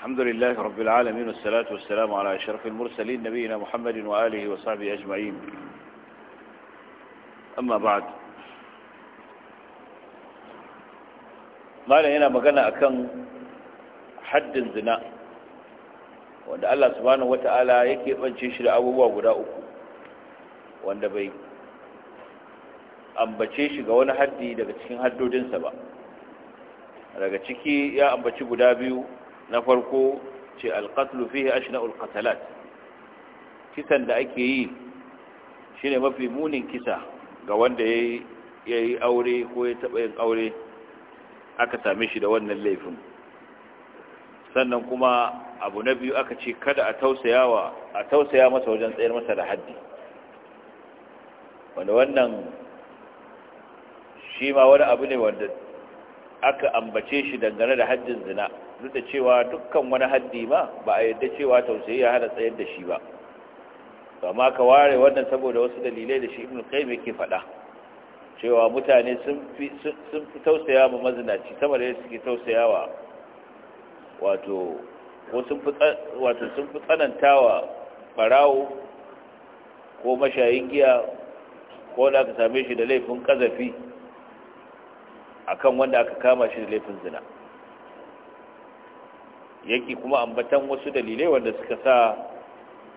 الحمد لله رب العالمين والصلاة والسلام على أشرف المرسلين نبينا محمد وآله وصحبه أجمعين أما بعد ما هنا حد da abubuwa guda wanda bai ambace shi ga wani haddi daga cikin haddodinsa ba daga ciki ya guda biyu na farko ce alƙatlu fihi na qatalat kisan da ake yi shi ne mafi munin kisa ga wanda ya yi aure ko ya taɓa yin aure aka same shi da wannan laifin sannan kuma abu na biyu aka ce kada a a tausaya masa wajen tsayar masa da haddi wanda wannan shi ma wani abu ne wanda aka ambace shi dangane da haddin zina duk da cewa dukkan wani haddi ma ba a yadda cewa tausayi ya hana tsayar da shi ba amma ka ware wannan saboda wasu dalilai da shi ibn qayyim yake faɗa cewa mutane sun fi sun fi tausaya ma mazinaci sama da suke tausayawa wato ko sun fi wato sun fi tsanantawa barawo ko mashayin giya ko da aka same shi da laifin kazafi akan wanda aka kama shi da laifin zina yake kuma ambatan wasu dalilai wanda suka sa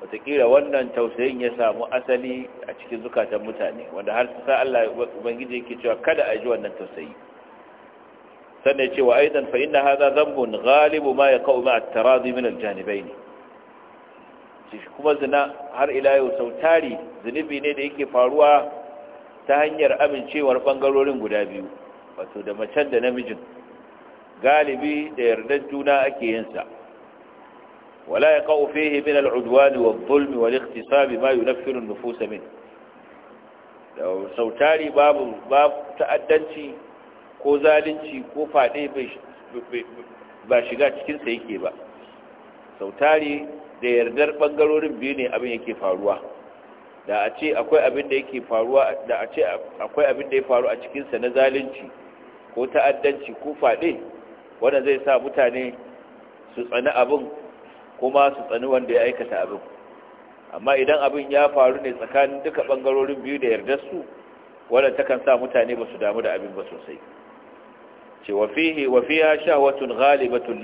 watakila wannan tausayin ya samu asali a cikin zukatan mutane wanda har sa Allah ubangiji yake cewa kada a ji wannan tausayi sannan cewa aidan fa inna hadha dhanbun ghalibu ma yaqau ma at-taradi min al-janibayn kuma zina har ila yau sautari zunubi ne da yake faruwa ta hanyar amincewar bangarorin guda biyu wato da macen da namijin galibi da yardar juna ake yin sa wala kawo fihi min al-udwan wa adh wa al-ikhtisab ma yunaffiru an-nufus min da sautari babu babu ta'addanci ko zalunci ko fade ba shiga cikin sa yake ba sautari da yardar bangarorin biyu ne abin yake faruwa da a ce akwai abin da yake faruwa da a ce akwai abin da ya faru a cikin sa na zalunci ko ta'addanci ko fade wanda zai sa mutane su tsani abin kuma su tsani wanda ya aikata abin amma idan abin ya faru ne tsakanin duka bangarorin biyu da yarda su wanda takan sa mutane ba su damu da abin ba sosai ce wa fihi wa fiha shahwatun ghalibatun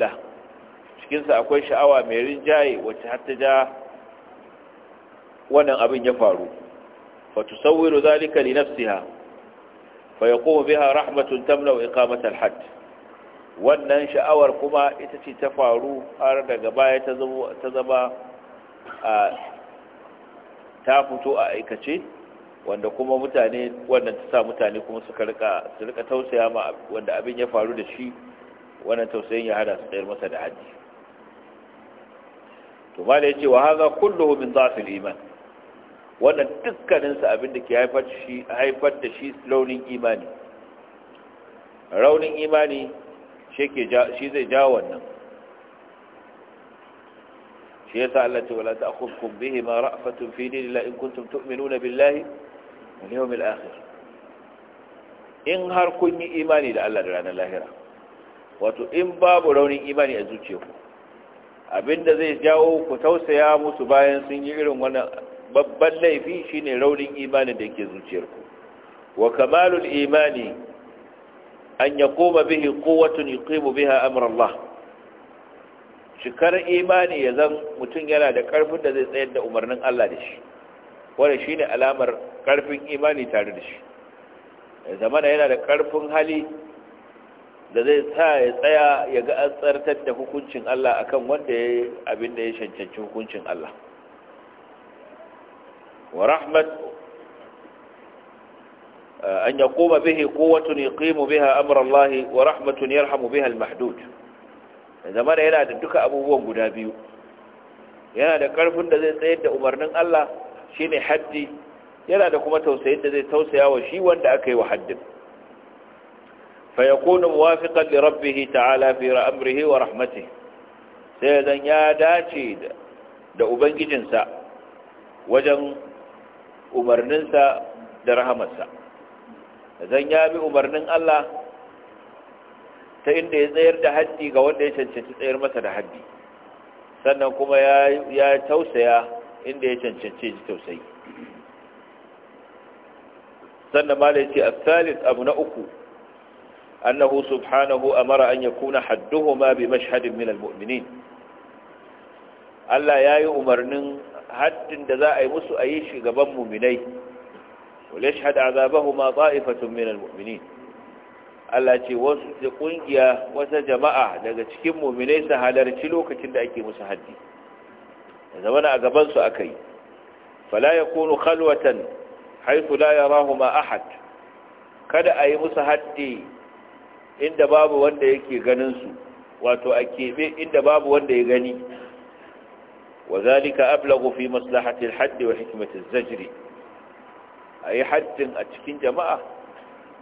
akwai sha'awa mai rinjaye wacce har ta ja wannan abin ya faru fa tusawwiru zalika li fa yaqumu biha rahmatun tamla iqamata al-hadd wannan sha'awar kuma ita ce ta faru har daga baya ta zama ta fito a aikace wanda kuma mutane wannan ta sa mutane kuma suka rika tausaya ma wanda abin ya faru da shi wannan tausayin ya hada su tsayar masa da haji to ma da ya ce wa haza kulluhu min zafin iman wannan dukkaninsa abin da ke haifar da shi launin imani raunin imani shi zai ja wannan shi ya sa Allah ce wala ta'khudhukum bihi ma ra'fatun fi dinillahi in kuntum tu'minuna billahi wal yawmil akhir in har kun yi imani da Allah da ranar lahira wato in babu raunin imani a zuciyarku abinda zai jawo ku tausaya musu bayan sun yi irin wannan babban laifi shine raunin imanin da ke zuciyarku wa kamalul imani an ya koma bihi ya yuqimu biha amra Allah shikar imani ya zan mutum yana da karfin da zai tsayar da umarnin Allah da shi shi shine alamar karfin imani tare da shi ya zama yana da karfin hali da zai sa ya tsaya ya ga an tsartar da hukuncin Allah akan wanda ya abin da ya cancanci hukuncin Allah wa rahmat an yaquma bihi quwwatun yuqimu biha amra Allah wa rahmatun yarhamu biha al-mahdud zama yana da duka abubuwan guda biyu yana da karfin da zai tsayar da umarnin Allah shine haddi yana da kuma tausayin da zai tausayawa wa shi wanda aka yi wa haddin fa yakunu muwafiqan li rabbih ta'ala fi amrihi wa rahmatihi sai dan ya dace da ubangijinsa wajen umarninsa da rahamarsa zan ya bi umarnin Allah ta inda ya tsayar da haddi ga wanda ya cancanci tsayar masa da haddi sannan kuma ya tausaya inda ya cancanci ji tausayi sannan ma da ce abu na uku annahu subhanahu amara an ya kuna Hadduhu ma bi mashhadin min almu'minin Allah ya yi umarnin haddin da za a yi musu a yi shi gaban muminai وليشهد عذابهما طائفة من المؤمنين Allah ce wasu da kungiya wata jama'a daga cikin muminai su halarci lokacin da ake musu haddi da zamana a gaban su akai fala yakunu khalwatan haythu la yarahuma ahad kada ayi musu haddi inda babu wanda yake ganin su wato a kebe inda babu wanda ya gani wa zalika ablagu fi maslahati al wa hikmati a yi hajjin a cikin jama'a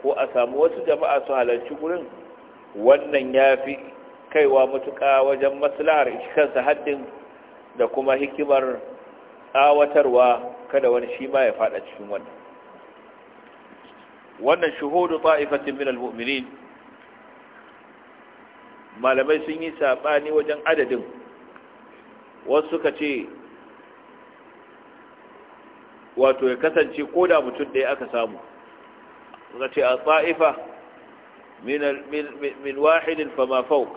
ko a samu wasu jama'a su halarci gurin wannan ya fi kaiwa matuƙa wajen maslahar kansa haddin da kuma hikimar tsawatarwa kada wani shi ma ya faɗa cikin wannan wannan shuhudu ta'ifatin min almu'minin malamai sun yi sabani wajen adadin wasu suka ce wato ya kasance ko da mutum ɗaya aka samu suka ce a tsa'ifa min wahidin fama fau.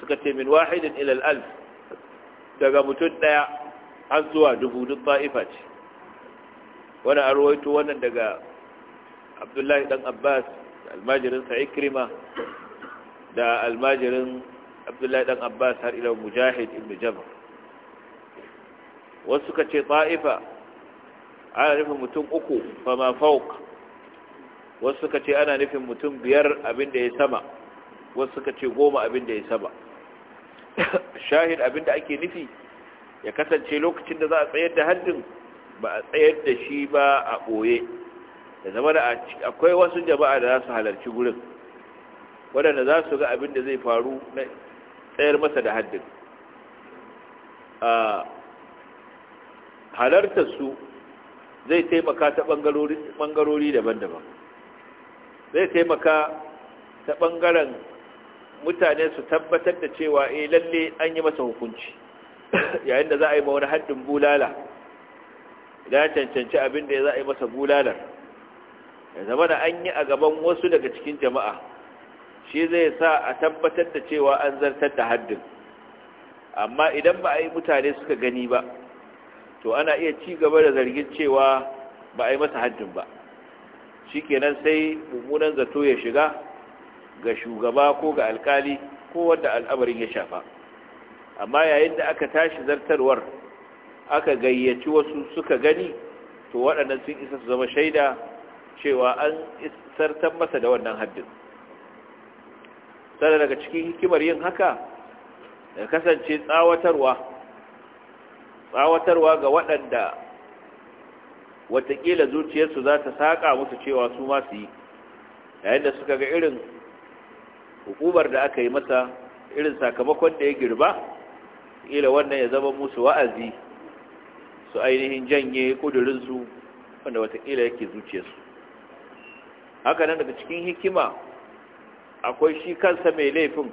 suka ce min wahidin ilal alf daga mutum ɗaya har zuwa dubu duk tsa'ifa ce wani a ruwaito wannan daga abdullahi dan abbas almajirin sa ikrima da almajirin abdullahi dan abbas har ila mujahid ibn jabr wasu ka ce ta'ifa ana nufin mutum uku fa ma fauk wasu suka ce ana nufin mutum biyar abin da ya sama wasu suka ce goma abin da ya sama shahid abin da ake nufi ya kasance lokacin da za a tsayar da haddin ba a tsayar da shi ba a ɓoye da zama da akwai wasu jama'a da za su halarci gurin waɗanda za su ga abin da zai faru na tsayar masa da haddin ah, halartar su zai taimaka ta ɓangarori daban-daban zai taimaka ta ɓangaren mutane su tabbatar da cewa eh lalle an yi masa hukunci yayin da za a yi ma wani haddin bulala idan cancanci abin da za a yi masa bulalar ya zama da an yi a gaban wasu daga cikin jama'a shi zai sa a tabbatar da cewa an zartar da haddin amma idan ba a yi mutane suka gani ba to ana iya ci gaba da zargin cewa ba a yi masa hajjin ba shi kenan sai mummunan zato ya shiga ga shugaba ko ga alkali ko wanda al'amarin ya shafa amma yayin da aka tashi zartarwar aka gayyaci wasu suka gani to waɗannan sun isa su zama shaida cewa an sartar masa da wannan haddin sannan daga cikin hikimar yin haka da kasance tsawatarwa tsawatarwa ga waɗanda watakila zuciyarsu za ta saƙa musu cewa su ma su yi yayin da suka ga irin hukumar da aka yi masa irin sakamakon da ya girba ila wannan ya zama musu wa'azi su ainihin janye ƙudurinsu wanda watakila yake zuciyarsu haka nan daga cikin hikima akwai shi kansa mai laifin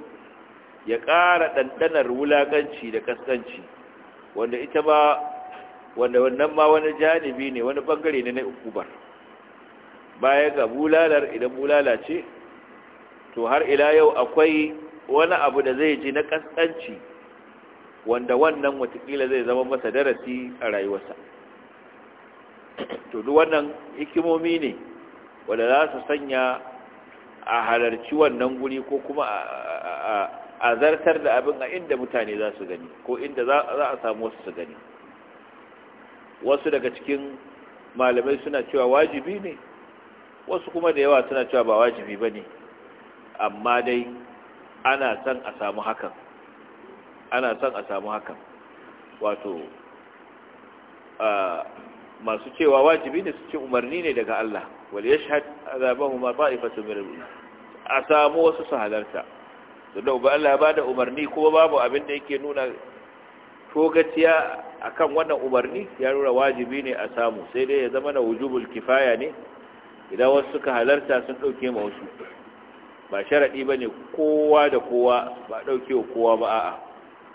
ya ƙara ɗanɗanar wulaƙanci da ƙasƙanci wanda ita ba wanda wannan ma wani janibi ne wani bangare ne na ukubar baya ga bulalar idan bulala ce to har ila yau akwai wani abu da zai ji na kaskanci wanda wannan watakila zai zama masa darasi a rayuwarsa to duk wannan hikimomi ne wanda za su sanya a halarci wannan guri ko kuma a a zartar da abin a inda mutane za su gani ko inda za a samu wasu su gani wasu daga cikin malamai suna cewa wajibi ne wasu kuma da yawa suna cewa ba wajibi ba ne amma dai ana son a samu hakan ana son a samu hakan wato masu cewa wajibi ne su ce umarni ne daga Allah wal yashhad ma ta'ifatu min a samu wasu su halarta da uba Allah ya bada umarni kuma babu abin da yake nuna togaciya akan wannan umarni ya nuna wajibi ne a samu sai dai ya zama na wujubul kifaya ne idan wasu suka halarta sun dauke ma wasu ba sharadi bane kowa da kowa ba dauke wa kowa ba a'a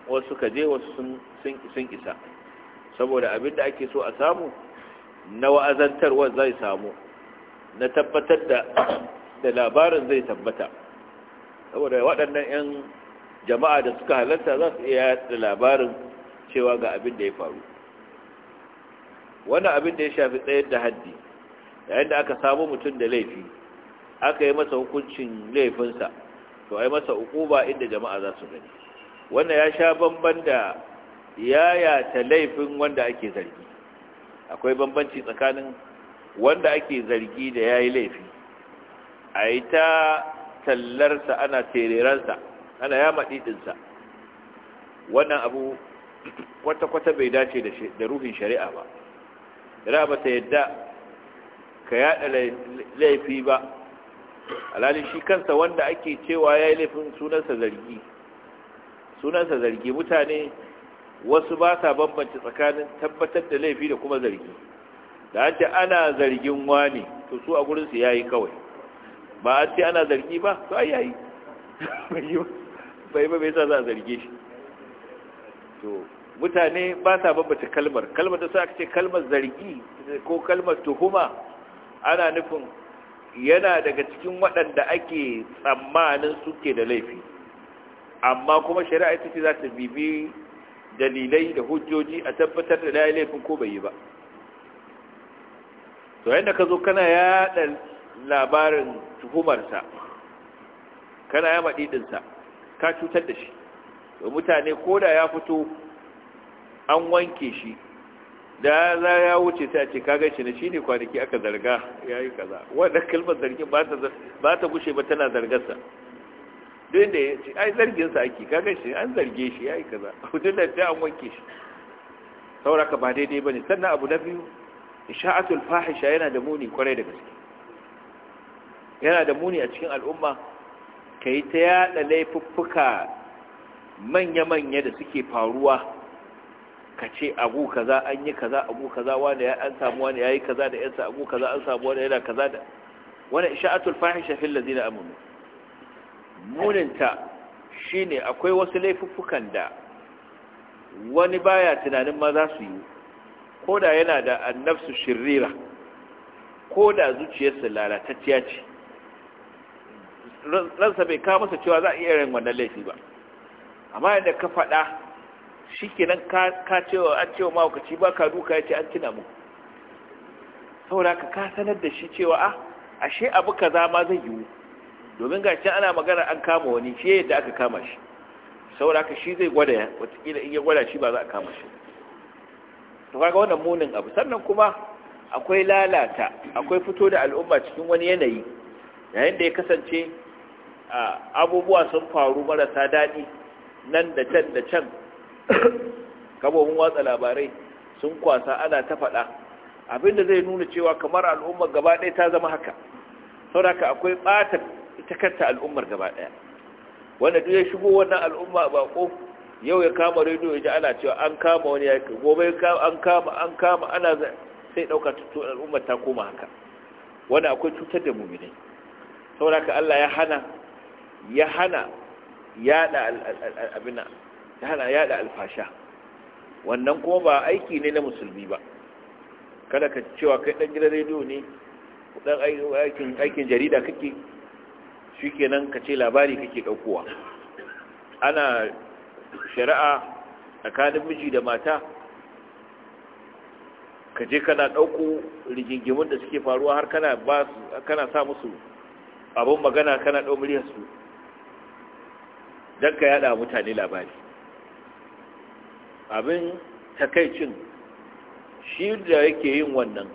wasu suka je wasu sun sun sun isa saboda abin da ake so a samu na wa'azantarwa zai samu na tabbatar da da labarin zai tabbata saboda waɗannan 'yan jama'a da suka halarta za su iya da labarin cewa ga abin da ya faru wannan abin da ya shafi tsayar da haddi yayin da aka samu mutum da laifi aka yi masa hukuncin laifinsa to ai masa hukuba inda jama'a za su gani wannan ya sha bamban da yayata laifin wanda ake zargi akwai bambanci tsakanin wanda ake zargi da yayi laifi a yi ta tallarsa ana tereransa ana yama ɗiɗinsa wannan abu kwata-kwata bai dace da ruhin shari'a ba shari'a ba ta yadda ka yada laifi ba alhalin shi kansa wanda ake cewa ya yi laifin sunansa zargi sunansa zargi mutane wasu ba sa bambanci tsakanin tabbatar da laifi da kuma zargi da an ana zargin wani to su a gurinsu ya yi kawai ba a ce ana zargi ba to ai yayi bai ba bai sa za a zarge shi to mutane ba sa babbata kalmar kalmar ta sa aka ce kalmar zargi ko kalmar tuhuma ana nufin yana daga cikin waɗanda ake tsammanin suke da laifi amma kuma shari'a ita ce za ta bibi dalilai da hujjoji a tabbatar da laifin ko bai yi ba to yadda ka zo kana yaɗa labarin tuhumarsa kana ya maɗiɗinsa ka cutar da shi da mutane ko da ya fito an wanke shi da za ya wuce ta ce kagai shi ne shi ne kwanaki aka zarga ya yi kaza wadda kalmar zargin ba ta gushe ba tana zargarsa duk da ya ce ai zarginsa ake kagai shi an zarge shi ya yi kaza hudun da ta an wanke shi sauraka ba daidai ba ne sannan abu na biyu sha'atul fahisha yana da muni kwarai da gaske yana da muni a cikin al'umma ka yi ta yada laifuffuka manya-manya da suke faruwa ka ce abu kaza an yi kaza abu kaza wani ya an samu wani ya yi kaza da yansa abu kaza an samu wani yana kaza da wani fahim shafin lazi na amanu muninta shi ne akwai wasu laifuffukan da wani baya tunanin ma za su yi ko da yana da annafsu shirira ko da zuciyarsa lalatacciya ce ransa bai kawo masa cewa za a iya yin wannan laifi ba amma yadda ka faɗa shi kenan ka cewa an cewa mawakaci ba ka duka ya ce an cina mu saboda ka ka sanar da shi cewa a ah, ashe abu za ma zai yiwu domin ga can ana magana an kama wani shi yadda aka kama shi saboda ka shi zai gwada ya watakila in ya gwada shi ba za a kama shi to kaga wannan munin abu sannan kuma akwai lalata akwai fito da al'umma cikin wani yanayi yayin da ya kasance abubuwa sun faru marasa daɗi nan da can da can kabobin watsa labarai sun kwasa ana ta faɗa abinda zai nuna cewa kamar al'ummar gaba ɗaya ta zama haka sauraka akwai ɓata ita kanta al'ummar gaba ɗaya wanda duk ya shigo wannan al'umma a bako, yau ya kama rediyo ya ji ana cewa an kama wani ya gobe an kama an kama ana sai ɗauka tutu al'ummar ta koma haka wanda akwai cutar da muminai sauraka Allah ya hana ya hana yada ya hana yada alfasha wannan kuma ba aiki ne na musulmi ba kada ka cewa kai dan gidan rediyo ne dan aikin aikin jarida kake shikenan ka ce labari kake daukowa ana shari'a tsakanin miji da mata ka je kana ɗauko rigingimun da suke faruwa har kana ba kana sa musu abin magana kana ɗau su don ka yada mutane labari abin takaicin shi da yake yin wannan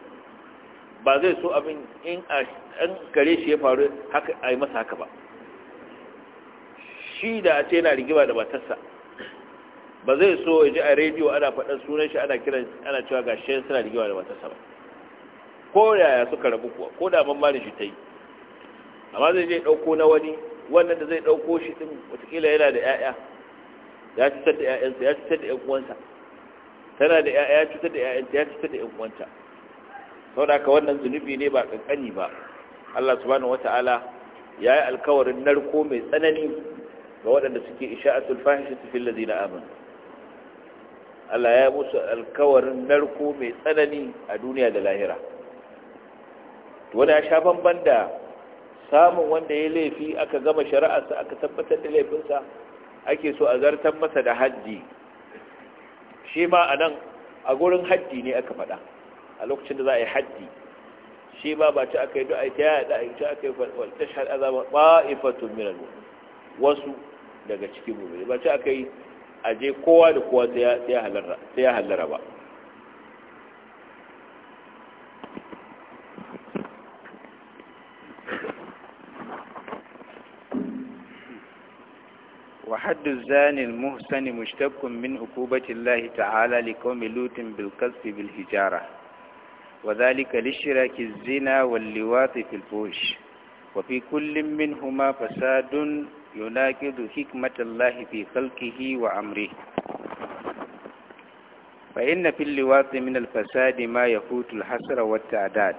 ba zai so abin in an kare shi ya faru haka a yi masa haka ba shi da a ce yana rigima da matarsa ba zai so ya ji a rediyo ana faɗin sunan shi ana kiran ana cewa ga shi suna rigima da matarsa ba ko yaya suka rabu kuwa ko da mamman shi ta yi amma zai je ɗauko na wani wannan da zai ɗauko shi ɗin watakila yana da 'ya'ya ya cutar da 'ya'yansa ya cutar da 'yan uwansa tana da 'ya'ya ya cutar da 'ya'yansa, ya cutar da 'yan uwanta Sau da haka wannan zunubi ne ba kankani ba Allah subhanahu Ta'ala ya yi alkawarin narko mai tsanani ga waɗanda suke isha a isha'atul fahishati fil ladina amanu Allah ya musu alkawarin narko mai tsanani a duniya da lahira wani ya sha bamban da samun wanda ya laifi aka gama shari'arsa aka tabbatar da laifinsa ake so a zartar masa da haddi shi ma a nan a gurin haddi ne aka faɗa a lokacin da za a yi haddi shi ma ba ci aka yi du'a ta yada a ci aka yi tashar azaba ba'ifatun min al-mu'min wasu daga cikin mu'min ba ci aka yi je kowa da kowa sai ya halarra ba حد الزان المحسن مشتق من عقوبة الله تعالى لقوم لوط بالقذف بالحجارة وذلك لاشتراك الزنا واللواط في الفوش وفي كل منهما فساد يناقض حكمة الله في خلقه وأمره فإن في اللواط من الفساد ما يفوت الحسر والتعداد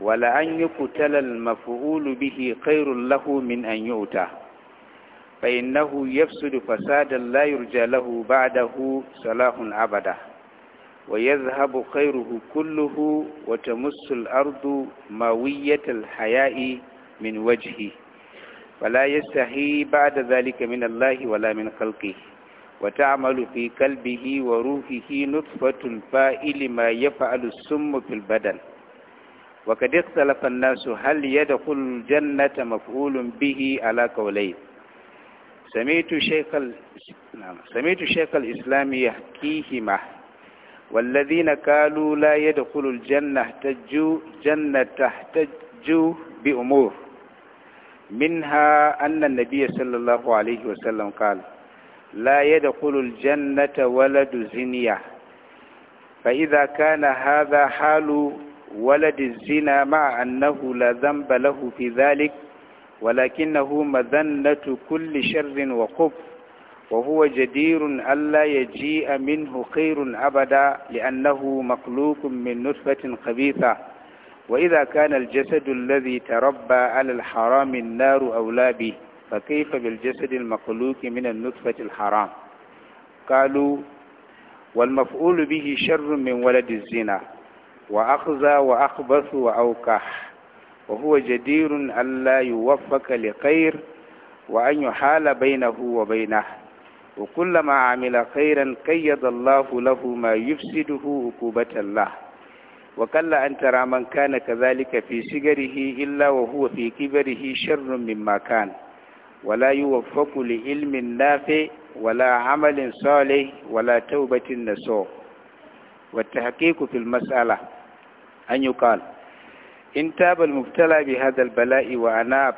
ولأن يقتل المفعول به خير له من أن يؤتى فإنه يفسد فسادا لا يرجى له بعده صلاح أبدا ويذهب خيره كله وتمس الأرض ماوية الحياء من وجهه فلا يستحي بعد ذلك من الله ولا من خلقه وتعمل في قلبه وروحه نطفة الفائل ما يفعل السم في البدن وقد اختلف الناس هل يدخل الجنة مفعول به على قولين سمعت شيخ ال... نعم، سميت سمعت شيخ الإسلام يحكيهما والذين قالوا لا يدخل الجنة احتجوا جنة تحتجو بأمور منها أن النبي صلى الله عليه وسلم قال لا يدخل الجنة ولد زنية فإذا كان هذا حال ولد الزنا مع أنه لا ذنب له في ذلك ولكنه مذنة كل شر وقب وهو جدير ألا يجيء منه خير أبدا لأنه مخلوق من نطفة خبيثة وإذا كان الجسد الذي تربى على الحرام النار أولى به فكيف بالجسد المخلوق من النطفة الحرام قالوا والمفعول به شر من ولد الزنا وأخزى وأخبث وأوكح وهو جدير ألا يوفق لخير وأن يحال بينه وبينه وكلما عمل خيرا قيد الله له ما يفسده عقوبة الله وقل أن ترى من كان كذلك في سجره إلا وهو في كبره شر مما كان ولا يوفق لعلم نافع ولا عمل صالح ولا توبة نسوء والتحقيق في المسألة أن يقال إن تاب المبتلى بهذا البلاء وأناب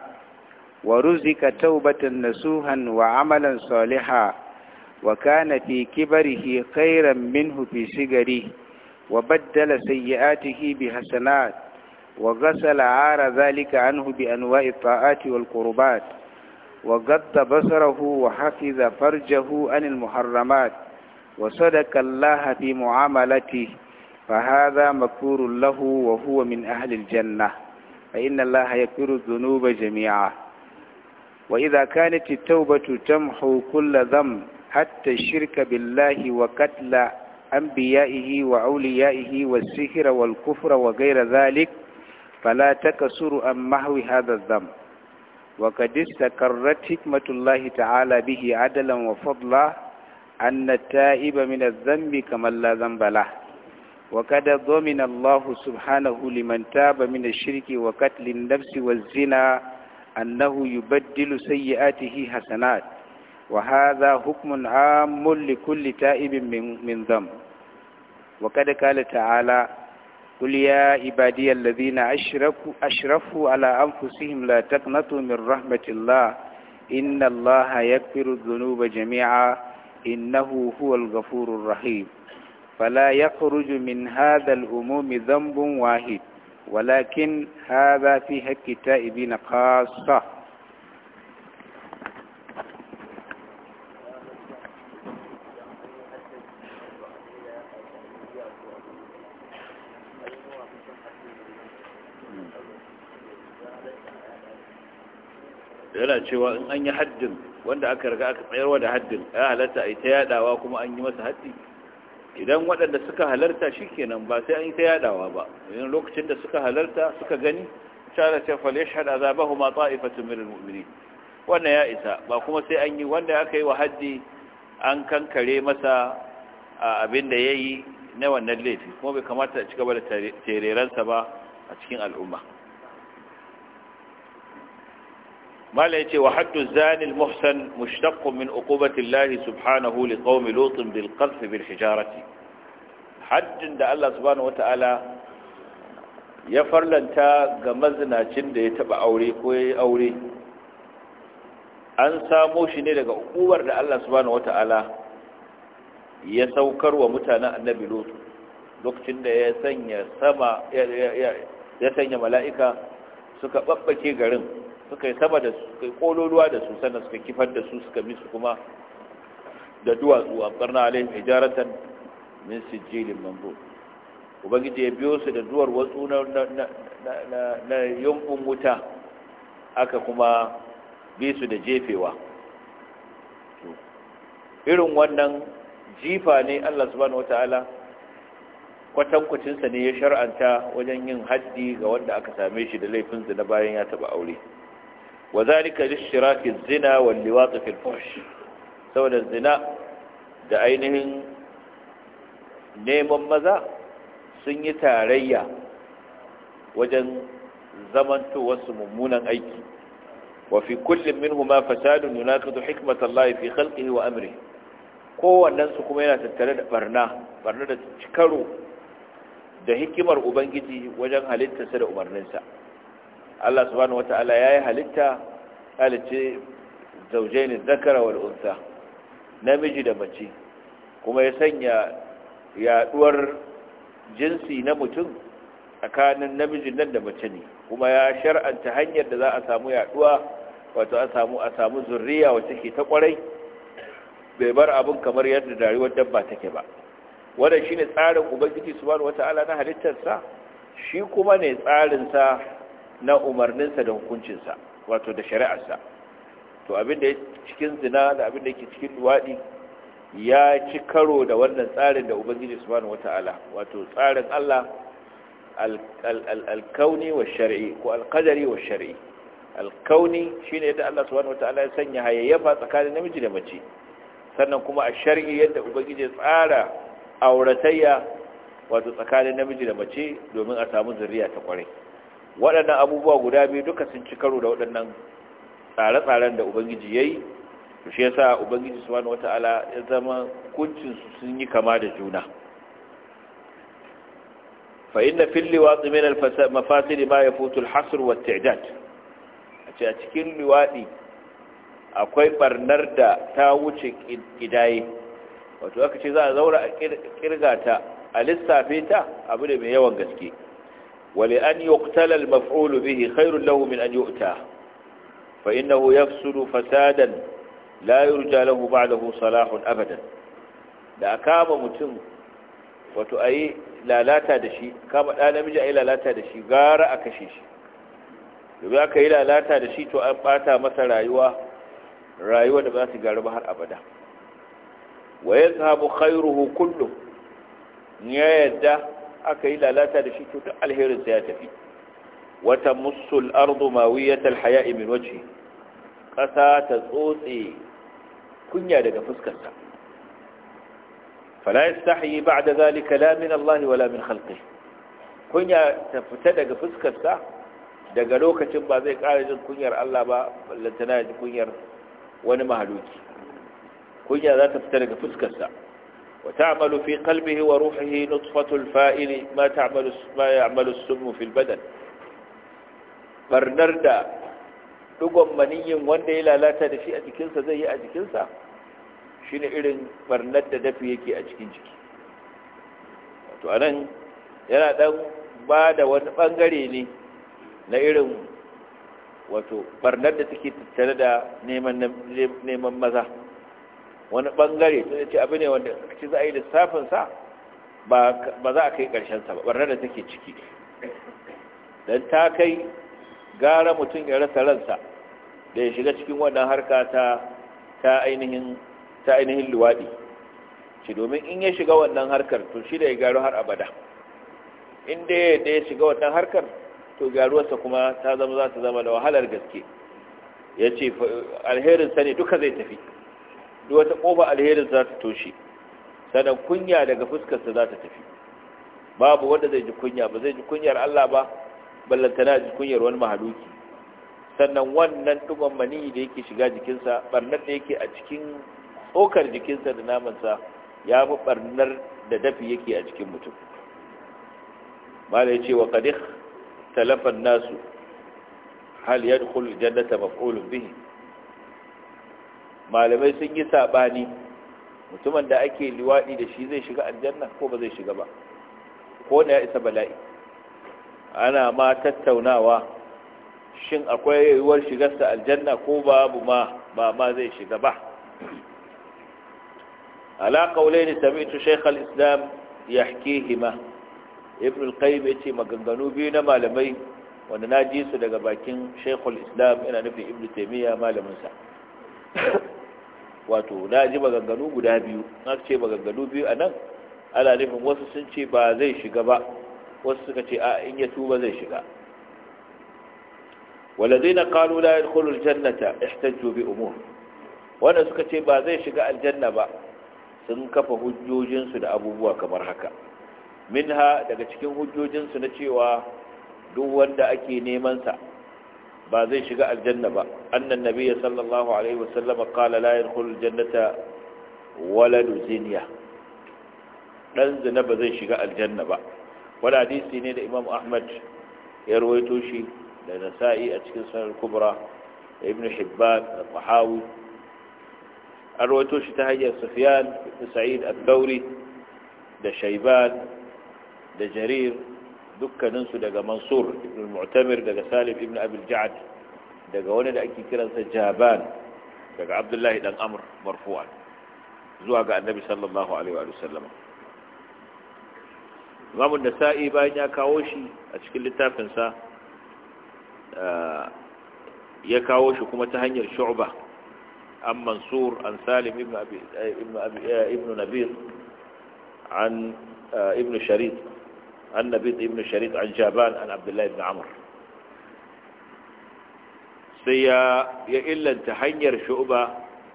ورزق توبة نسوها وعملا صالحا وكان في كبره خيرا منه في صغره وبدل سيئاته بحسنات وغسل عار ذلك عنه بأنواع الطاعات والقربات وغض بصره وحفظ فرجه عن المحرمات وصدق الله في معاملته فهذا مكفور له وهو من أهل الجنة فإن الله يكفر الذنوب جميعا وإذا كانت التوبة تمحو كل ذنب حتى الشرك بالله وقتل أنبيائه وأوليائه والسحر والكفر وغير ذلك فلا تكسر عن محو هذا الذنب وقد استقرت حكمة الله تعالى به عدلا وفضلا أن التائب من الذنب كمن لا ذنب له وقد ضمن الله سبحانه لمن تاب من الشرك وقتل النفس والزنا أنه يبدل سيئاته حسنات وهذا حكم عام لكل تائب من, من ذنب وقد قال تعالى قل يا عبادي الذين أشرفوا, أشرفوا على أنفسهم لا تقنطوا من رحمة الله إن الله يكفر الذنوب جميعا إنه هو الغفور الرحيم فلا يخرج من هذا الهموم ذنب واحد ولكن هذا في حق التائبين خاصة yana cewa in an yi haddin wanda aka riga aka tsayarwa da haddin ya halatta a yi ta yadawa kuma an yi masa haddi idan waɗanda suka halarta shi kenan ba sai an yi ta yadawa ba yin lokacin da suka halarta suka gani tare ta falashhad azabahu ma ta'ifatun mirin almu'minin wannan ya isa ba kuma sai an yi wanda aka yi wa haddi an kankare masa abin da yi na wannan laifi kuma bai kamata a ci gaba da tereransa ba a cikin al'umma mala yace wa zanin zanil muhsan mushtaqqun min uqubati Allah subhanahu li qaumi lut haddin da Allah subhanahu wataala ya farlanta ga mazinacin da ya taba aure ko ya aure an samo shi ne daga ukuwar da Allah subhanahu wata'ala ya saukar wa mutanen annabi lutu lokacin da ya sanya mala'ika suka babbake garin suka yi sama da su suka yi kololuwa da su sannan suka kifar da su suka bi su kuma da duwatsu a barna alaihim hijaratan min sijilin mambu ubangiji ya biyo su da duwar wasu na na yankun wuta aka kuma bi su da jefewa irin wannan jifa ne Allah subhanahu wataala kwatankwacinsa ne ya shar'anta wajen yin haddi ga wanda aka same shi da laifinsa na bayan ya taba aure wa zalika lishiraki zina wal liwat fil fuhsh saboda zina da ainihin neman maza sun yi tarayya wajen zamantowarsu mummunan aiki وفي كل منهما فساد يناقض حكمة الله في خلقه wa kowannen Kowannensu kuma yana tattare da barna barna da cikaro da hikimar ubangiji wajen halittarsa da umarninsa Allah subhanahu ya yi halitta halice zaujeni zakara wal unsa namiji da mace kuma ya sanya yaduwar jinsi na mutum tsakanin namijin nan da mace ne kuma ya shar'anta hanyar da za a samu yaduwa wato a samu a samu zurriya wacce ke ta kwarai bai bar abin kamar yadda dariwar dabba take ba wannan shine tsarin ubangiji subhanahu wata'ala na halittarsa shi kuma ne tsarin sa na umarninsa da hukuncinsa wato da shari'arsa to abin da cikin zina da abin da yake cikin duwadi ya ci karo da wannan tsarin da ubangiji subhanahu wataala wato tsarin Allah alkauni wa shar'i ko alqadari wa shar'i alkauni shine yadda Allah subhanahu wataala ya sanya hayayyafa tsakanin namiji da mace sannan kuma a shar'i yadda ubangiji tsara auratayya wato tsakanin namiji da mace domin a samu zuriya ta kwarai waɗannan abubuwa guda biyu duka sun ci karo da waɗannan tsare-tsaren da ubangiji ya yi shi yasa ubangiji subhanahu wata'ala ya zama kuncin sun yi kama da juna fa inna fil liwati min al ma yafutu al hasr wa a cikin liwadi akwai barnar da ta wuce kidaye wato aka ce za a zaura a kirga ta a lissafe ta abu da mai yawan gaske ولأن يقتل المفعول به خير له من أن يؤتى فإنه يفسد فسادا لا يرجى له بعده صلاح أبدا da kama mutum wato a yi lalata da shi kama ɗa namiji a yi lalata da shi gara a kashe shi domin aka yi lalata da shi to an ɓata masa rayuwa da ba su har abada wa ya kullum ya yadda aka yi lalata da shi to alherin sa ya tafi wata musul ardu mawiyat alhaya'i min wajhi kasa ta tsotse kunya daga fuskar sa fala yastahi ba'da zalika la min Allah wala min khalqihi kunya ta fita daga fuskar sa daga lokacin ba zai ƙara jin kunyar Allah ba ballantana ji kunyar wani mahaluki kunya za ta fita daga fuskarsa وتعمل في قلبه وروحه نطفة الفائل ما تعمل ما يعمل السم في البدن برنر دا دغم مني wanda ya lalata da shi a jikinsa zai yi a jikinsa shine irin barnar da dafi yake a cikin jiki to anan yana dan ba da wani bangare ne na irin wato barnar da take tattare da neman maza wani bangare sun ce abu ne wanda ci za a yi lissafin sa ba za a kai karshen sa ba barnar da take ciki dan ta kai gara mutum ya rasa ransa da ya shiga cikin wannan harka ta ta ainihin luwaɗi ce domin in ya shiga wannan harkar to shi da ya gyaru har abada in da ya shiga wannan harkar to gyaruwarsa kuma ta zama za ta zama da wahalar gaske ya ce alherinsa ne duka zai tafi duk wata ƙofa alherin za ta toshe sanan kunya daga fuskarsa za ta tafi babu wanda zai ji kunya ba zai ji kunyar Allah ba ballantana ji kunyar wani mahaluki sannan wannan dugon mani da yake shiga jikinsa barnar da yake a cikin tsokar jikinsa da namansa ya fi barnar da dafi yake a cikin mutum mala ya ce wa kadih talafan nasu hal yadkhul jannata maf'ulun bihi malamai sun yi saɓani mutumin da ake liwaɗi da shi zai shiga aljanna ko ba zai shiga ba ko da ya isa bala'i ana ma tattaunawa shin akwai yiwuwar shigarsa aljanna ko babu ma ba ma zai shiga ba ala kaulai ne sami tu shaikhal islam ya hima ibn al ce maganganu biyu na malamai wanda na ji su daga bakin shaikhul islam yana nufin ibn taimiyya malaminsa wato na ji maganganu guda biyu na ce maganganu biyu a nan ana nufin wasu sun ce ba zai shiga ba wasu suka ce a in ya tuba zai shiga walazai na kano na yi kulul jannata istanju bi umur wanda suka ce ba zai shiga aljanna ba sun kafa hujjojinsu da abubuwa kamar haka min ha daga cikin hujjojinsu na cewa duk wanda ake nemansa بازي شقاء الجنة با. أن النبي صلى الله عليه وسلم قال لا يدخل الجنة ولا نزينية ننزل بازي شقاء الجنة با. ولا ديسيني الإمام أحمد يرويتوشي لنسائي أتكين سنة الكبرى ابن حبان الطحاوي أرويتوشي تهيئ سفيان سعيد الدوري دا شيبان dukkaninsu daga mansur ibn mu'tamir daga salim ibn abil ja'ad daga wani da ake kiransa jaban daga abdullahi dan amr marfu'a zuwa ga annabi sallallahu alaihi wa sallama imamu nasa'i bayan ya kawo shi a cikin littafinsa ya kawo shi kuma ta hanyar shu'ba an mansur an salim ibn abi eh, ibn eh, an eh, ibn sharid عن نبيط بن شريك عن جابان عن عبد الله بن عمر sai ya illa ta hanyar shu'uba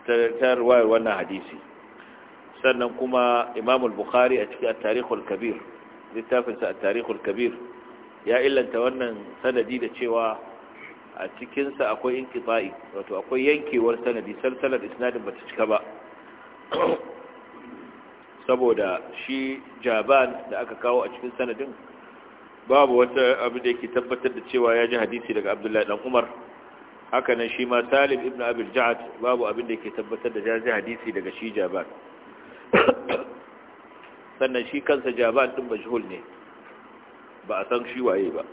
ta ruwayar wannan hadisi sannan kuma imamul bukhari a cikin tarihul kabir littafinsa a tarihul kabir ya illanta wannan sanadi da cewa a cikinsa akwai inkitsa'i wato akwai yankewar sanadi salsalar isnadin ba ta cika ba saboda shi jaban da aka kawo a cikin sanadin babu wata abu da yake tabbatar da cewa ya ji hadisi daga abdullahi dan umar haka nan shi ma Talib ibn abil ja'ad babu abin da yake tabbatar da ya ji hadisi daga shi jaban sannan shi kansa jaban din majhul ne ba a san shi waye ba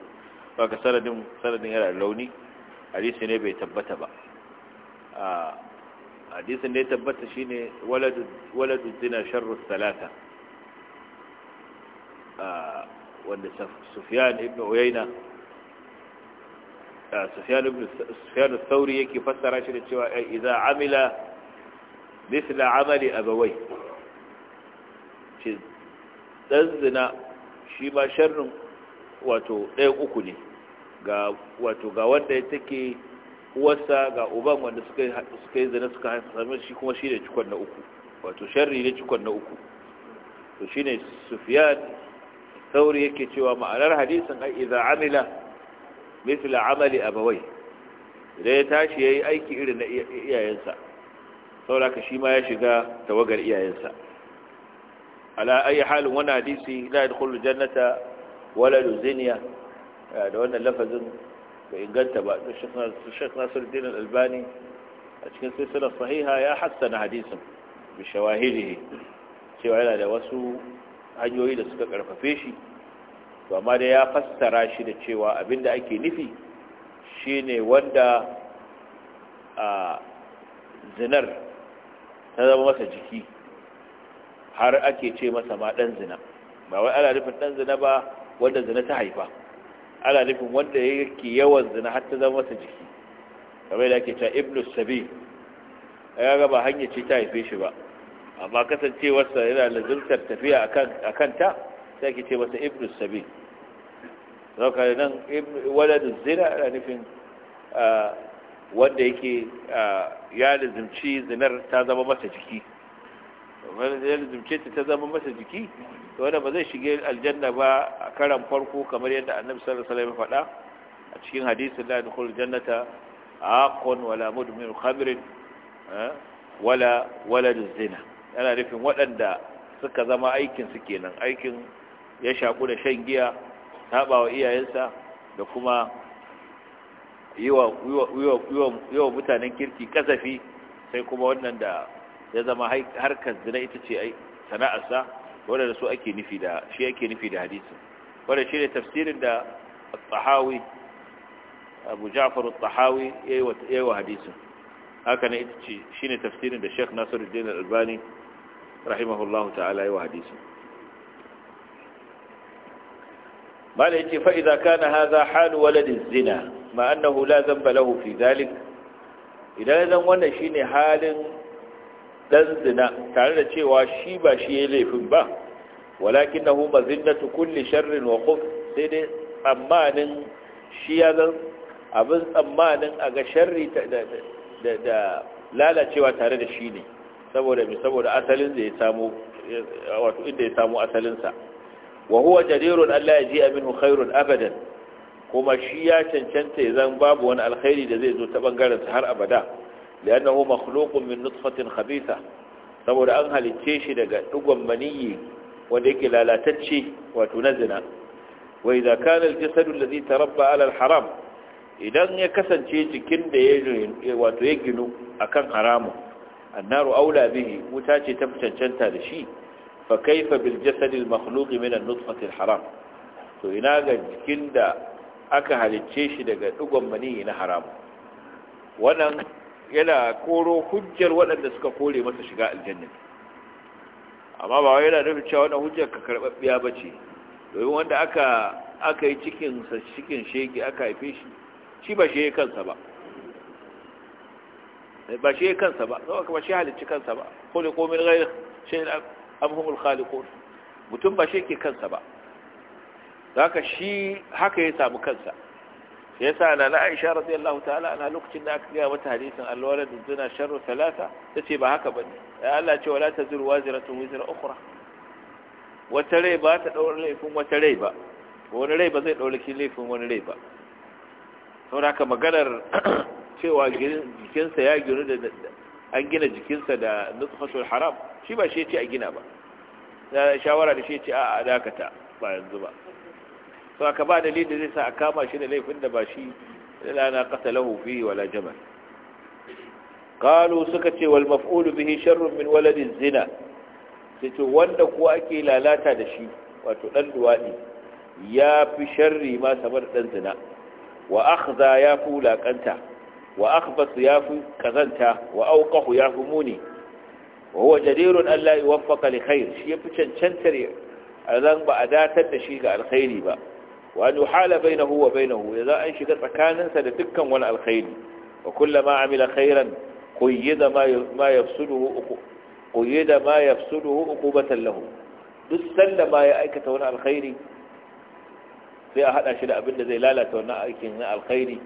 baka sanadin sanadin yana launi, hadisi ne bai tabbata ba ah, hadisin da ya tabbata shine waladu zina sharru talata ah, wanda sufyan ibn uyayna ah, sufyan ibn sufyan thawri yake fassara shi da cewa eh, idza amila misla amali abawai shi dan zina shi ba sharrin wato ɗaya uku ne ga wato ga wanda ya take uwarsa ga uban wanda suka yi zane suka haifar shi kuma shi ne cikon na uku wato sharri ne cikon na uku to shi ne sufiyan sauri yake cewa ma'anar hadisin a iza amila misla amali Bawai idan ya tashi ya yi aiki irin na iyayensa sauraka shi ma ya shiga tawagar iyayensa ala ayi halin wani hadisi la kullu jannata wala luziniya da wannan lafazin Ka inganta ba shek nasir din albani a cikin silsilar sahiha ya hassana hadisin bi shawahidihi cewa yana da wasu hanyoyi da suka karfafe shi to amma da ya fassara shi da cewa abinda ake nufi shine wanda a zinar ta zama masa jiki har ake ce masa ma dan zina ba wai ana nufin dan zina ba wanda zina ta haifa ana nufin wanda yake yawan zina har ta zama masa jiki kamar da ake cewa ibnu sabi ya ga ba hanya ce ta haife shi ba amma kasancewarsa yana lazimtar tafiya a kanta sai ake ce masa ibnu sabi zaka nan waladun zina ana nufin ah, wanda yake ah, ya lazimci zinar ta zama masa jiki kamar ya zumce ta ta zama masa jiki to wanda ba zai shige aljanna ba a karan farko kamar yadda annabi sallallahu alaihi wasallam faɗa a cikin hadisin la yadkhul jannata aqon wala mudmin khamrin eh, wala wala zina yana nufin waɗanda suka zama aikin su kenan aikin ya shaku da shan giya tabawa iyayensa da kuma yiwa yiwa yiwa mutanen kirki kasafi sai kuma wannan da ya zama harkar zina ita ce sana'arsa wanda da su ake nufi da shi ake nufi da hadisin wanda shi ne tafsirin da tsahawi abu jafaru tsahawi ya yi wa hadisin haka ne ita ce shi ne tafsirin da sheikh nasiru nasiruddin albani rahimahullahu ta'ala ya wa hadisin mala ya fa idza kana hadha hal waladiz zina ma annahu la zamba lahu fi dhalik idan zan wannan shine halin dan zina tare da cewa shi ba shi ya laifin ba walakinahu mazinnatu kulli sharrin wa khuf sai dai tsammanin shi ya zan abin tsammanin a ga sharri da lalacewa tare da shi ne saboda mai saboda asalin da ya samu wato inda ya samu asalinsa wa huwa jadirun Allah ya ji aminu khairun abadan kuma shi ya cancanta ya zan babu wani alkhairi da zai zo ta bangaren har abada لأنه مخلوق من نطفة خبيثة saboda an halicce shi daga dugon maniyyi wanda yake lalatacce wato na zina wai za kana aljasadu allazi tarabba ala idan ya kasance jikin da ya wato ya ginu akan haramu annaru aula bihi wuta ce ta cancanta da shi fa kaifa bil jasadin al makhluq min haram to ina ga jikin da aka halicce shi daga dugon maniyyi na haramu wannan yana koro hujjar waɗanda suka kore masa shiga aljanna amma ba wai yana nufin cewa wannan hujjar ka karɓaɓɓiya ba ce domin wanda aka aka yi cikin sa cikin shege aka haife shi shi ba shi kansa ba ba shi kansa ba sau aka ba shi halicci kansa ba ko ko komin gairar shi amhumul khaliqun mutum ba shi ke kansa ba za ka shi haka ya samu kansa yasa na na Aisha radiyallahu ta'ala ana lokacin da aka ga mata hadisin alwala duna sharru talata tace ba haka bane ya Allah ce wala taziru waziratun wizra ukhra wata rai ba ta daura laifin wata rai ba wani rai ba zai daura laifin wani rai ba saboda haka maganar cewa jikinsa ya ginu da an gina jikinsa da nutfatul haram shi ba shi ce a gina ba shawara da shi ce a dakata ba yanzu ba so aka ba dalilin da zai sa a kama shi da laifin da ba shi la na qatalahu fihi wala jamal qalu suka ce wal maf'ul bihi sharrun min waladin zina sai wanda ko ake lalata da shi wato dan duwadi ya fi sharri ma samar dan zina wa akhdha ya fi wulaƙanta wa akhbas ya fi kazanta wa ya fi muni wa huwa jadirun an la yuwaffaqa li khair shi ya fi cancantar azan ba a datar da shi ga alkhairi ba wa an yuhala bainahu wa bainahu ya za an shiga tsakaninsa da dukkan wani alkhairi wa kullama amila khairan qayyida ma ma yafsuduhu qayyida ma yafsuduhu uqubatan lahu duk sanda ma ya aikata wani alkhairi sai a hada shi da abin da zai lalata wannan aikin na alkhairi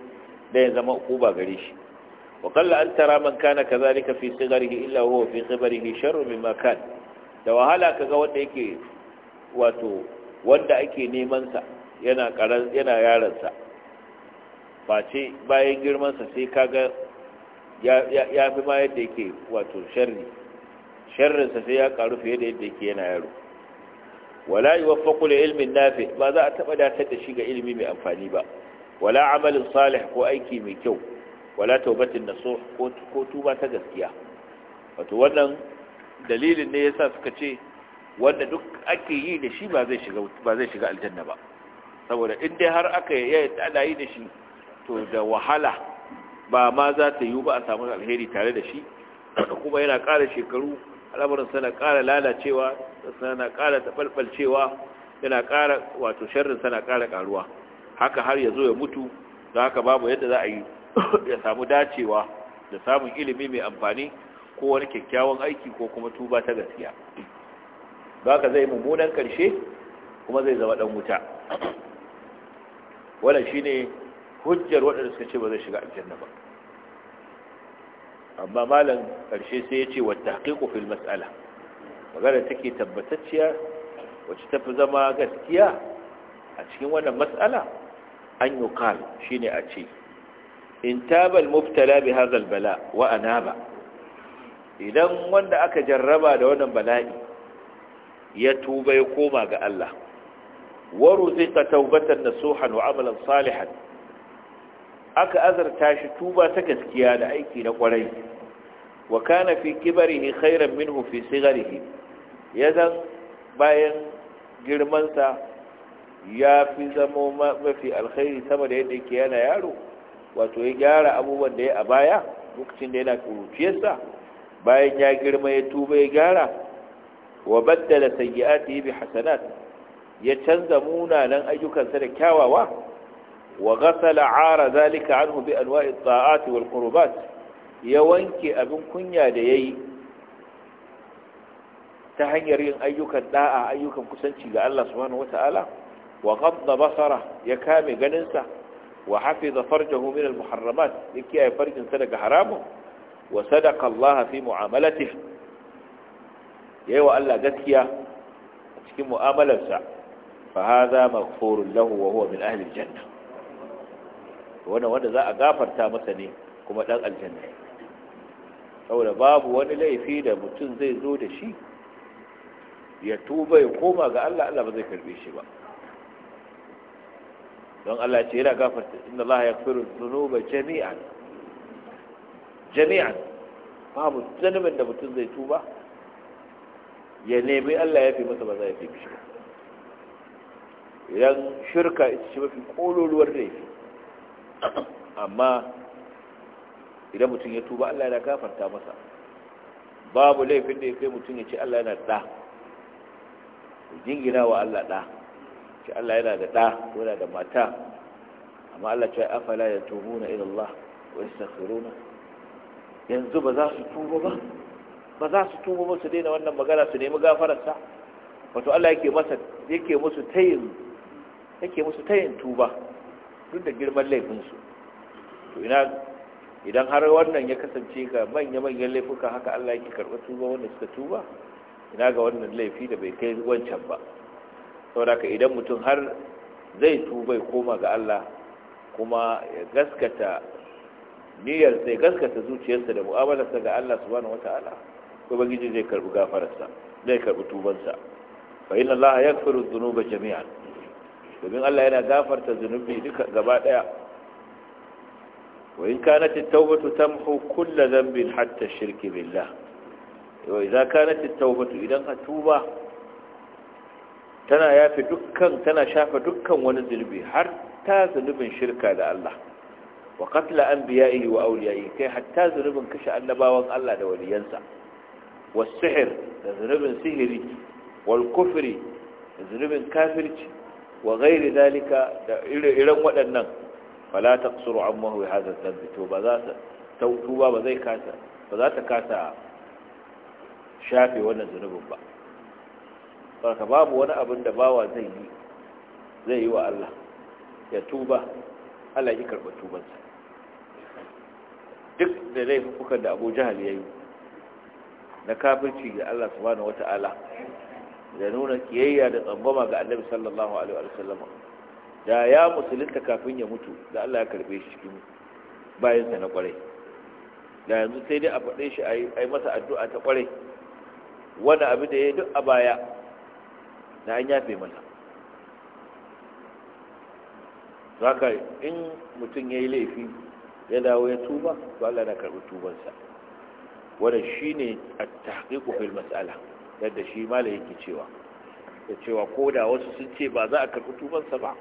da ya zama uquba gare shi wa qalla an tara kana kadhalika fi fi kan da wahala kaga wanda ake neman sa yana karan yana yaransa face bayan girmansa sai kaga ya fi ma yadda yake wato sharri sharrinsa sai ya karu fiye da yadda yake yana yaro wala yuwaffaqu li ilmin nafi ba za a taba datar da shi ga ilimi mai amfani ba wala amalin salih ko aiki mai kyau wala taubatin nasuh ko ko tuba ta gaskiya wato wannan dalilin ne yasa suka ce wanda duk ake yi da shi ba ba zai shiga aljanna ba saboda in dai har aka yi ana yi da shi to da wahala ba ma za ta yi ba a samu alheri tare da shi kuma yana ƙara shekaru al'amuran sana ƙara lalacewa sana ƙara taɓalɓalcewa yana ƙara wato sharrin sana ƙara ƙaruwa haka har ya zo ya mutu don haka babu yadda za a yi ya samu dacewa da samun ilimi mai amfani ko wani kyakkyawan aiki ko kuma tuba ta gaskiya ba ka zai mummunan ƙarshe kuma zai zama ɗan wuta wannan ne hujjar waɗanda suka ce ba zai shiga aljanna ba amma malam ƙarshe sai ya ce wa tahqiqu fil mas'ala magana take tabbatacciya wacce tafi zama gaskiya a cikin wannan mas'ala an shi ne a ce in tabal al-mubtala bi hadha bala wa anaba idan wanda aka jarraba da wannan bala'i ya tuba ya koma ga Allah wa ruziqa tawbatan nasuhan wa amalan salihan aka azarta shi tuba ta gaskiya da aiki na kwarai wa kana fi kibarihi khairan minhu fi sigarihi yazan bayan girmansa ya fi zamo mafi alkhairi sama da yadda yake yana yaro wato ya gyara abubuwan da ya a baya lokacin da yana kuruciyarsa bayan ya girma ya tuba ya gyara wa baddala sayyi'atihi bi hasanat ya canza munanan ayyukansa da kyawawa wa ghasala ara zalika anhu bi anwa'i ta'ati wal qurbat ya wanke abin kunya da yayi ta hanyar yin ayyukan da'a ayyukan kusanci ga Allah subhanahu wata'ala wa ghadda basara ya kame ganinsa wa hafiza farjahu min al muharramat yake ya farjinsa daga haramun wa sadaqa Allah fi mu'amalatihi yayi wa Allah gaskiya cikin mu'amalarsa فهذا مغفور له وهو من أهل الجنة وانا وانا ذا أغافر تامسني كما دان الجنة أولا باب وانا لا يفيد متن زي زود شي يتوب يقوم قال الله الله بذكر بيشي بقى don Allah ce yana gafarta inda Allah ya firu zunuba jami'an jami'an babu zanubin da mutum zai tuba ya nemi Allah ya fi masa ba za ya fi shi ba idan shirka ita ce mafi kololuwar laifi amma idan mutum ya tuba Allah yana gafarta masa babu laifin da ya kai mutum ya ce Allah yana da jingina wa Allah da ce Allah yana da da ko yana da mata amma Allah ce afala ya tubuna ila Allah wa yastaghfiruna yanzu ba za su tuba ba ba za su tuba ba su daina wannan magana su nemi gafararsa wato Allah yake masa yake musu tayin yake musu yin tuba duk da girman laifinsu to ina idan har wannan ya kasance ga manya-manyan laifuka haka Allah yake karɓar tuba wanda suka tuba ina ga wannan laifi da bai kai wancan ba saboda idan mutum har zai tuba ya koma ga Allah kuma ya gaskata niyyar sai gaskata zuciyarsa da mu'amalarsa ga Allah subhanahu wata'ala ubangiji zai karɓi gafararsa zai karɓi tubansa fa inna Allah yaghfiru dhunuba jami'an domin Allah yana gafarta zunubi duka gaba daya wa in kanat at tamhu kull dhanbin hatta shirk billah wa idza kanat at-taubatu idan ka tuba tana yafi dukkan tana shafa dukkan wani zunubi har ta zunubin shirka da Allah wa qatla anbiya'ihi wa awliya'ihi kai hatta zunubin kashe annabawan Allah da waliyansa wa sihr da zunubin sihiri wal kufri da zunubin kafirci wa gairi dalika da irin waɗannan fala taqsuru mahu ya hadha dhanb to ba za ta tauba ba zai kasa ba za ta kasa shafe wannan zunubin ba barka babu wani abin da bawa zai yi zai yi wa Allah ya tuba Allah ya karɓa tubansa duk da laifukan da Abu jihar ya yi na kafirci ga Allah subhanahu wata'ala da nuna kiyayya da tsangwama ga annabi sallallahu alaihi wa sallam da ya musulunta kafin ya mutu da Allah ya karbe shi cikin bayansa na kwarai da yanzu sai dai a faɗe shi a yi masa addu'a ta kwarai wani abu da ya duk a baya da an yafe masa zaka in mutum ya yi laifi ya dawo ya tuba to Allah na karɓi tubansa wannan shine at-tahqiqu fil mas'ala da shi mala yake cewa da cewa ko da wasu sun ce ba za a karɓi tubansa ba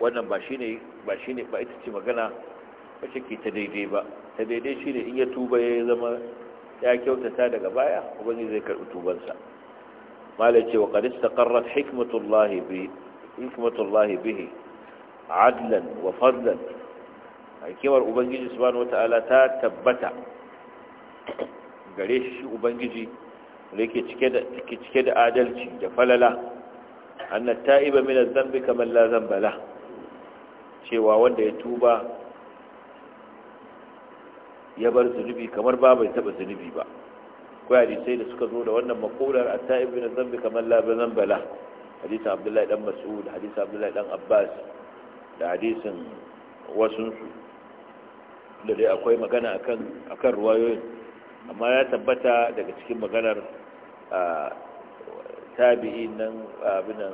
wannan ba shine ba shine ba ita ce magana ba shi ke ta daidai ba ta daidai shine in ya tuba ya zama ya kyautata daga baya ubangiji zai karɓi tubansa mala ce wa qad istaqarrat hikmatullahi bi hikmatullahi bihi adlan wa fadlan hakimar ubangiji subhanahu wataala ta tabbata gare shi ubangiji da yake cike da adalci da falala annat ta'iba min adh-dhanbi kaman la zambala cewa wanda ya tuba ya bar zunubi kamar ba bai taba zunubi ba akwai hadisai da suka zo da wannan makular a ta'ib bin zambi kamar la zambala hadisin abdullahi dan mas'ud hadisin abdullahi dan abbas da hadisin wasunsu da dai akwai magana akan akan ruwayoyin amma ya tabbata daga cikin maganar tabi'i nan abinan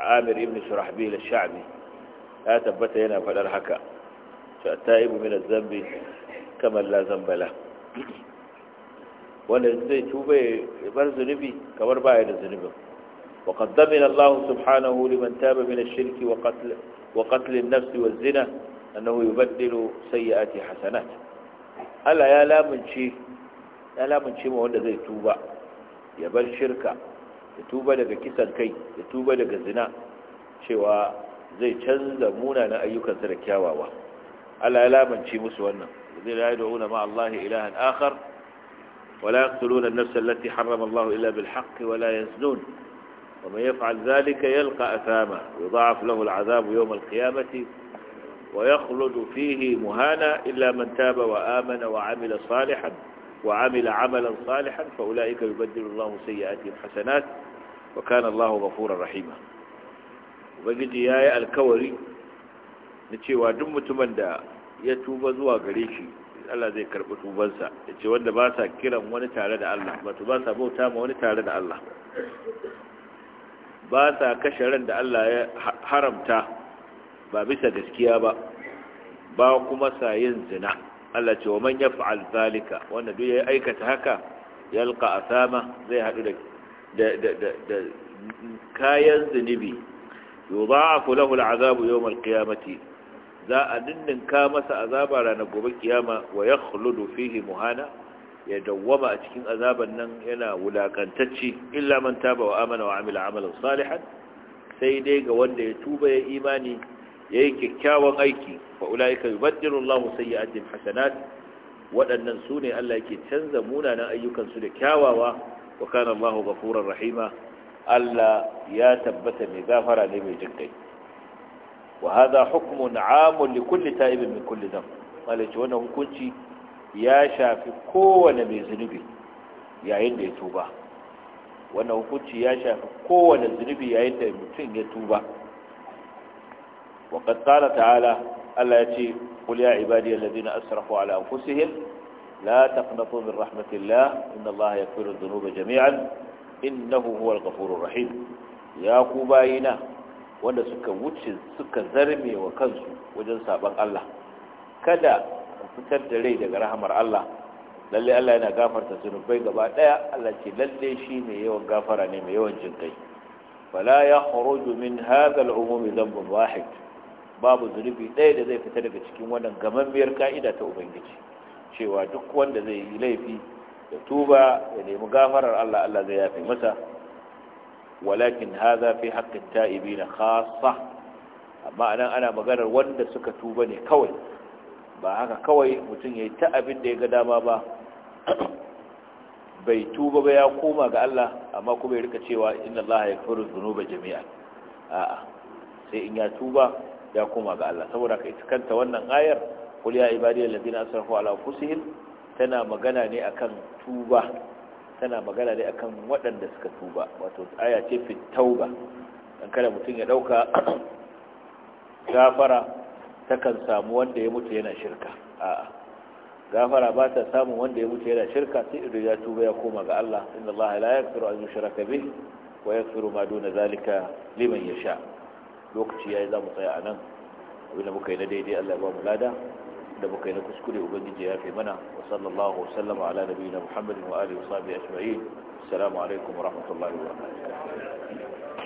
amir ibn shurahbil sha'bi ya tabbata yana faɗar haka ta'ibu min az-zambi kamar la zambala wanda zai tuba bar zunubi kamar baya da zunubin وقد ضمن الله سبحانه لمن تاب من الشرك وقتل وقتل النفس والزنا أنه يبدل سيئات حسنات ألا يا لا من شيء يا لا من شيء وهذا زي tuba. ya bar shirka ya tuba daga kisan kai ya tuba daga zina cewa zai canza munanan ayyukansa da kyawawa Allah ya lamanci musu wannan zai da yad'una ma Allah ilahan akhar ولا يقتلون النفس التي حرم الله إلا بالحق ولا يزنون ومن يفعل ذلك يلقى أثاما يضاعف له العذاب يوم القيامة ويخلد فيه مهانا إلا من تاب وآمن وعمل صالحا وعمل عملا صالحا فأولئك يبدل الله سيئاتهم حسنات وكان الله غفورا رحيما ubangiji ya yi alkawari na cewa duk mutumin da ya tuba zuwa gare shi Allah zai karɓi tubansa ya ce wanda ba sa kiran wani tare da Allah wato ba sa bauta ma wani tare da Allah ba sa kashe ran da Allah ya haramta ba bisa gaskiya ba ba kuma sa yin zina Allah ce wa man yaf'al zalika wanda duk ya aikata haka a sama zai hadu da da kayan zunubi kula lahu azabu yawm al-qiyamati za a dindinka masa azaba ranar gobe kiyama wa yakhludu fihi muhana ya dawwama a cikin azaban nan yana wulakantacci illa man taba wa amana wa amila amalan salihan sai dai ga wanda ya tuba ya imani yayi kyakkyawan aiki fa ulaika yubaddilu Allahu sayyi'atihim hasanat waɗannan su ne Allah yake canza munanan ayyukan su da kyawawa wa kana Allahu ghafurur rahima Allah ya tabbata mai gafara ne mai jinkai wa hadha hukmun 'amun li kulli ta'ibin min kulli dhanb malaci wannan hukunci ya shafi kowane mai zunubi yayin da ya tuba wannan hukunci ya shafi kowane zunubi yayin da mutum ya tuba وقد قال تعالى ألا يتي قل يا عبادي الذين أسرفوا على أنفسهم لا تقنطوا من رحمة الله إن الله يغفر الذنوب جميعا إنه هو الغفور الرحيم يا كوباينا wanda suka wuce suka zarme wa kansu wajen sabon Allah kada fitar da rai daga rahamar Allah lalle Allah yana gafarta zunubai gaba daya Allah ce lalle shi mai yawan gafara ne mai yawan jinkai fala ya khuruju min hadha al-umum dhanbun wahid babu zunubi ɗaya da zai fita daga cikin wannan gamammiyar ka'ida ta ubangiji cewa duk wanda zai yi laifi da tuba ya nemi gafarar Allah Allah zai yafe masa walakin haza fi haqqin ta'ibina khassa amma anan ana maganar wanda suka tuba ne kawai ba haka kawai mutum yayi ta abin da ya ga dama ba bai tuba ba ya koma ga Allah amma kuma ya rika cewa inna Allah yaghfiru dhunuba jami'an a'a sai in ya tuba ya koma ga Allah saboda ka ita kanta wannan ayar kul ya ibadiyal alladhina asrafu ala anfusihim tana magana ne akan tuba tana magana ne akan waɗanda suka tuba wato aya ce fi tauba dan kada mutum ya dauka gafara takan samu wanda ya mutu yana shirka a'a gafara ba ta samun wanda ya mutu yana shirka sai idan ya tuba ya koma ga Allah inna Allah la yaghfiru an yushraka bihi wa yaghfiru ma duna zalika liman yasha' lokaci yayi za mu tsaya a nan abinda muka yi na daidai Allah ya ba mu lada da muka yi na kuskure ubangiji ya fi mana wa sallallahu sallama ala nabiyina muhammadin wa alihi wa sahbihi ajma'in assalamu alaikum wa rahmatullahi wa barakatuh